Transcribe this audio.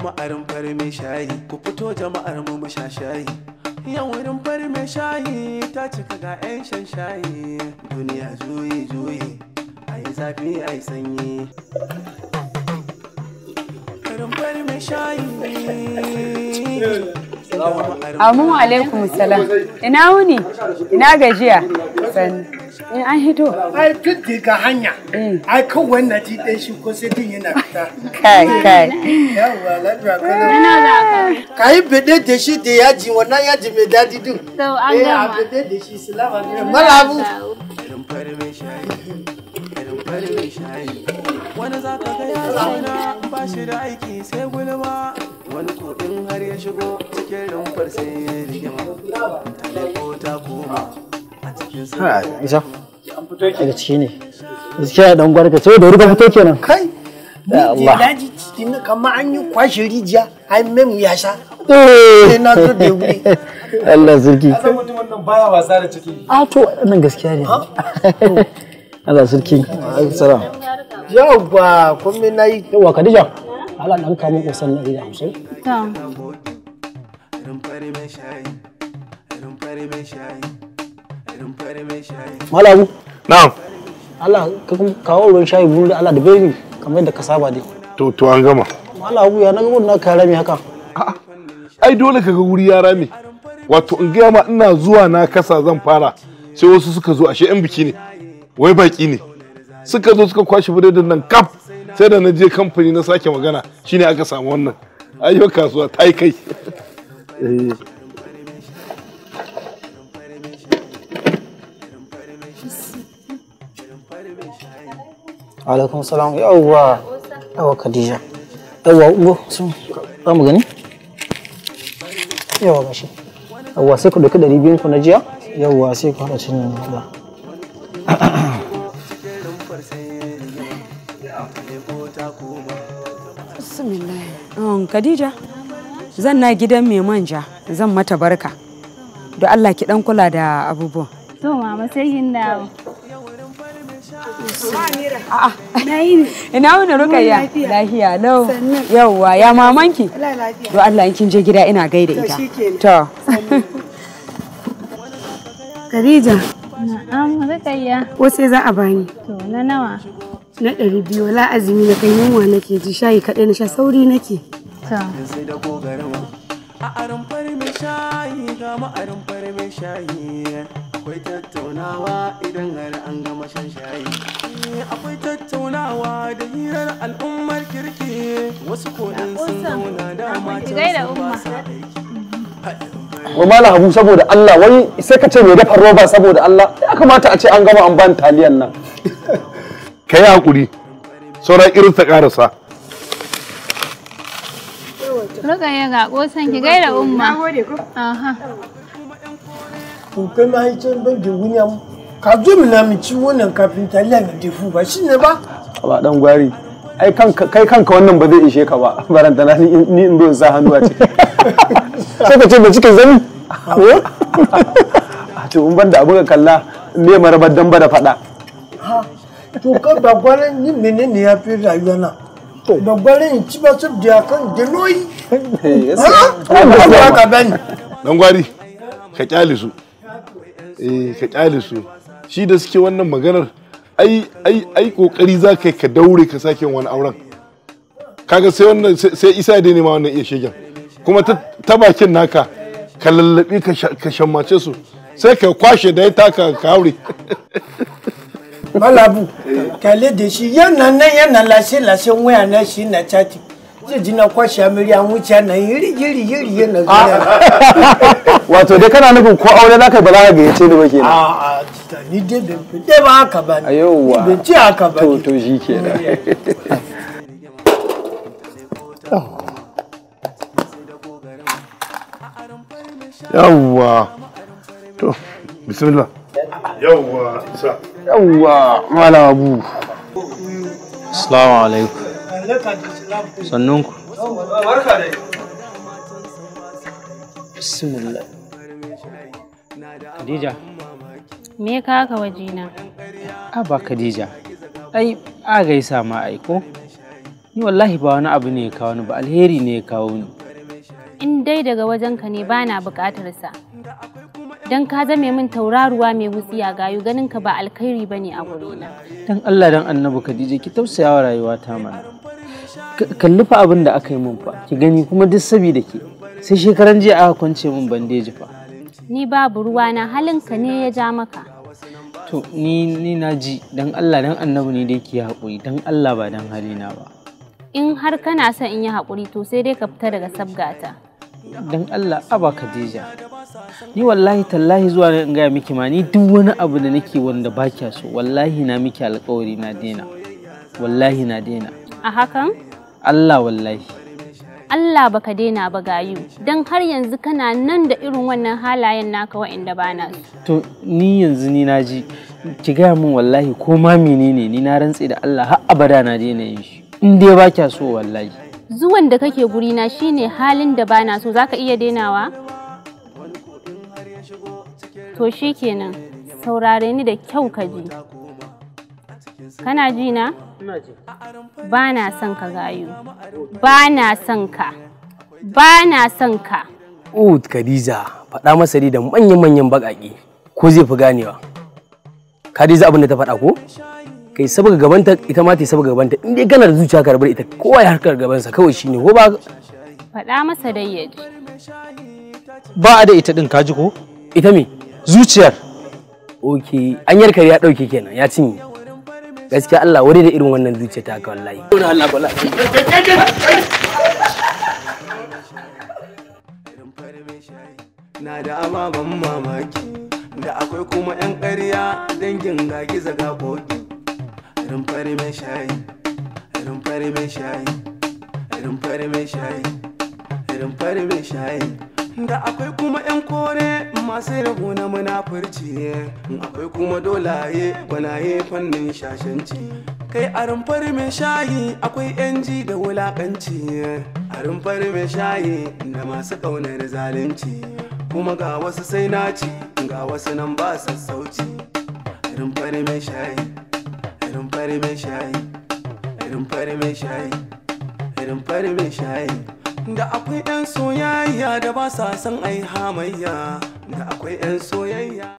jama'arin fari mai shayi ku fito jama'ar mu mu sha shayi yan wurin fari mai shayi ta cika ga 'yan shan shayi duniya juyi juyi a yi zafi a yi sanyi Karin fari mai shayi Amu alaikum salam. Ina wuni? Ina gajiya? Sani. Eh an hito. Ai tun daga hanya. Eh. Ai kan wannan ji shi ko sai din yana fita. Kai eh, kai. ko da. Ina da ka. Ka yi da shi da yaji wannan yaji mai din. an eh, a da shi salama ne. Marabu. Irin fari mai shayi. Irin mai shayi. Wani za ka ga ya zauna ba shi da aiki sai gulma. Wani kuɗin har ya shigo cikin rumfar sai ya rigima. Ta ta koma. Isa. Daga ciki ne. Gaskiya dan gwarka sai da ruka fito kenan. Kai. Ya Allah. kamar an yi kwashe rijiya an memu ya sha. Eh. na zo da wuri. Allah zirki. Asan baya wasa da ciki. A to nan gaskiya ne. Allah zirki. Alaikum salam. komai nayi. Yawwa Khadija. Allah na kawo mun kusan na gida hamsin. Ta. Rumfari mai shayi. Rumfari mai shayi. Malamu. Na'am. Allah ka kawo ruwan shayi buru da Allah da beni kamar yadda ka saba dai. To to an gama. Malamu ya na gurin na ka rame haka. A'a. Ai dole ka ga wuri ya rame. Wato in ga ma ina zuwa na kasa zan fara sai wasu suka zo ashe yan biki ne. Wai baki ne. Suka zo suka kwashi biredin nan kaf sai da na je kamfani na sake magana shine aka samu wannan. Ayyuka kasuwa ta yi kai. Eh. alaikum salam yawwa yawwa khadija yawwa ugo sun za mu gani yawwa gashi yawwa sai ku ɗauki ɗari biyun ku na jiya yawwa sai ku haɗa cin da um, Khadija zan na gidan mai manja zan mata barka da Allah ki dan kula da abubuwan to mama sai yin dawo Ina wani rukayya? Lafiya lau. Yawwa ya mamanki? Do Allah in kin je gida ina gaida ita. To. Karija. Na'am rukayya. Ko sai za a bani? To na nawa? Na ɗari biyu wala azumi na kai yunwa nake ji shayi kaɗai na sha sauri nake. To. A arin fari mai shayi ga ma'arin fari mai shayi. akwai tattaunawa idan har an gama shan shayi eh, akwai tattaunawa da hirar al'ummar kirki wasu kodin sun zauna dama can sun ba sa aiki mala habu saboda Allah wai sai ka ce mai dafa roba saboda Allah ya kamata a ce an gama an ban taliyan nan ka yi hakuri sauran irin ta karasa Rukayya ga kosan ki gaira umma. Na gode ko? to kai ma yi can ban da wuniya ka zo mu na ci wannan kafin taliya na defu ba shi ne ba ba dan gwari ai kai kanka wannan ba zai ishe ka ba baranta na ni in zo sa hannu a ce sai ka ce ba cikin zani a eh? to in banda abu ka kalla ne marabar dan ba da fada to ka ba gwaran yin menene ya fi rayuwa na ba gwaran in ci ba su da kan deloyi eh, ha ba ka bani dan gwari ka kyale su eh ka kyale su shi da suke wannan maganar ai ai ai kokari za ka ka daure ka sake wani auren kaga sai wannan sai isa da ne ma wannan iya shegen kuma ta bakin naka ka lallabi ka shammace su sai ka kwashe da ya taka ka aure malabu kale da shi yana nan yana lashe lashe waya na shi na chatting jina kwashe miliyan wuce nan yiri yiri yiri wato dai kana nufin ko aure zaka ba za ka gayyace ni ba ah, ah, a a ni dai ba haka ba ni ci haka ba to to shi kenan eh, eh. to bismillah yawwa isa malam abu assalamu alaikum Sannun ku. Bismillah. Khadija. Me ka haka wajena? A ah, ba Khadija. Ai, a gaisa ma ai ko? Ni wallahi ba wani abu ne ya kawo ni ba alheri ne ya kawo ni. In dai daga wajenka ne bana buƙatar sa. Dan ka zame min tauraruwa mai wutsiya gayu ganin ka ba alkhairi bane a gurina. Dan Allah dan Annabi Khadija ki tausaya wa rayuwata mana. kalli fa abin da aka yi min fa ki gani kuma duk saboda ke sai shekaran jiya aka kwance min bandeji fa ni babu ruwa na halin ka ne ya ja maka to ni ni na ji dan Allah dan annabi ne da yake haƙuri dan Allah ba dan halina ba in har kana son in yi hakuri to sai dai ka fita daga sabgata dan Allah aba Khadija ni wallahi tallahi zuwa ne in gaya miki ma ni duk wani abu da nake wanda ba kya so wallahi na miki alƙawari na daina wallahi na daina A hakan? Allah wallahi. Allah baka daina ba gayu don har yanzu kana nan da irin wannan halayen naka wa'inda ba na To ni yanzu ni na ji ki gaya min wallahi ko ma menene ni na rantse da Allah har abada na daina yin shi in dai ba kya so wallahi. Zuwan da kake guri na shine halin da ba na so zaka iya dainawa? To kenan. saurare ni da kyau ka ji. Kana ji na? Ba na son ka gayu. Ba na son ka. Ba na son ka. Ud Khadija faɗa masa da manyan-manyan baƙaƙe ko zai fi ganewa. Khadija abin da ta faɗa ko? Kai saboda gabanta ita ma ta saboda gabanta in dai gana da zuciya karbar ita kowa ya harkar gabansa kawai shine ko ba faɗa masa dai ya ji. Ba a da ita ɗin kaji ko? Ita me? Zuciyar. Ok, an yarkar ya ɗauke kenan ya cinye. gaskiya Allah wuri da irin wannan zuciya ta ka wallahi na da ban mamaki da akwai kuma 'yan ƙarya dangin ga giza ga boki irin rumfar mai shayi irin rumfar mai shayi irin rumfar mai shayi irin rumfar mai shayi da akwai kuma yan kore masu yabo na munafurci ne akwai kuma dolaye gwanaye fannin shashanci kai a rumfar mai shayi akwai yan ji da wulakanci a rumfar mai shayi da masu ƙaunar zalunci kuma ga wasu sai naci ga wasu nan ba sassauci rumfar mai shayi rumfar mai shayi rumfar mai shayi rumfar mai shayi da akwai 'yan soyayya da ba sa san ai hamayya da akwai 'yan soyayya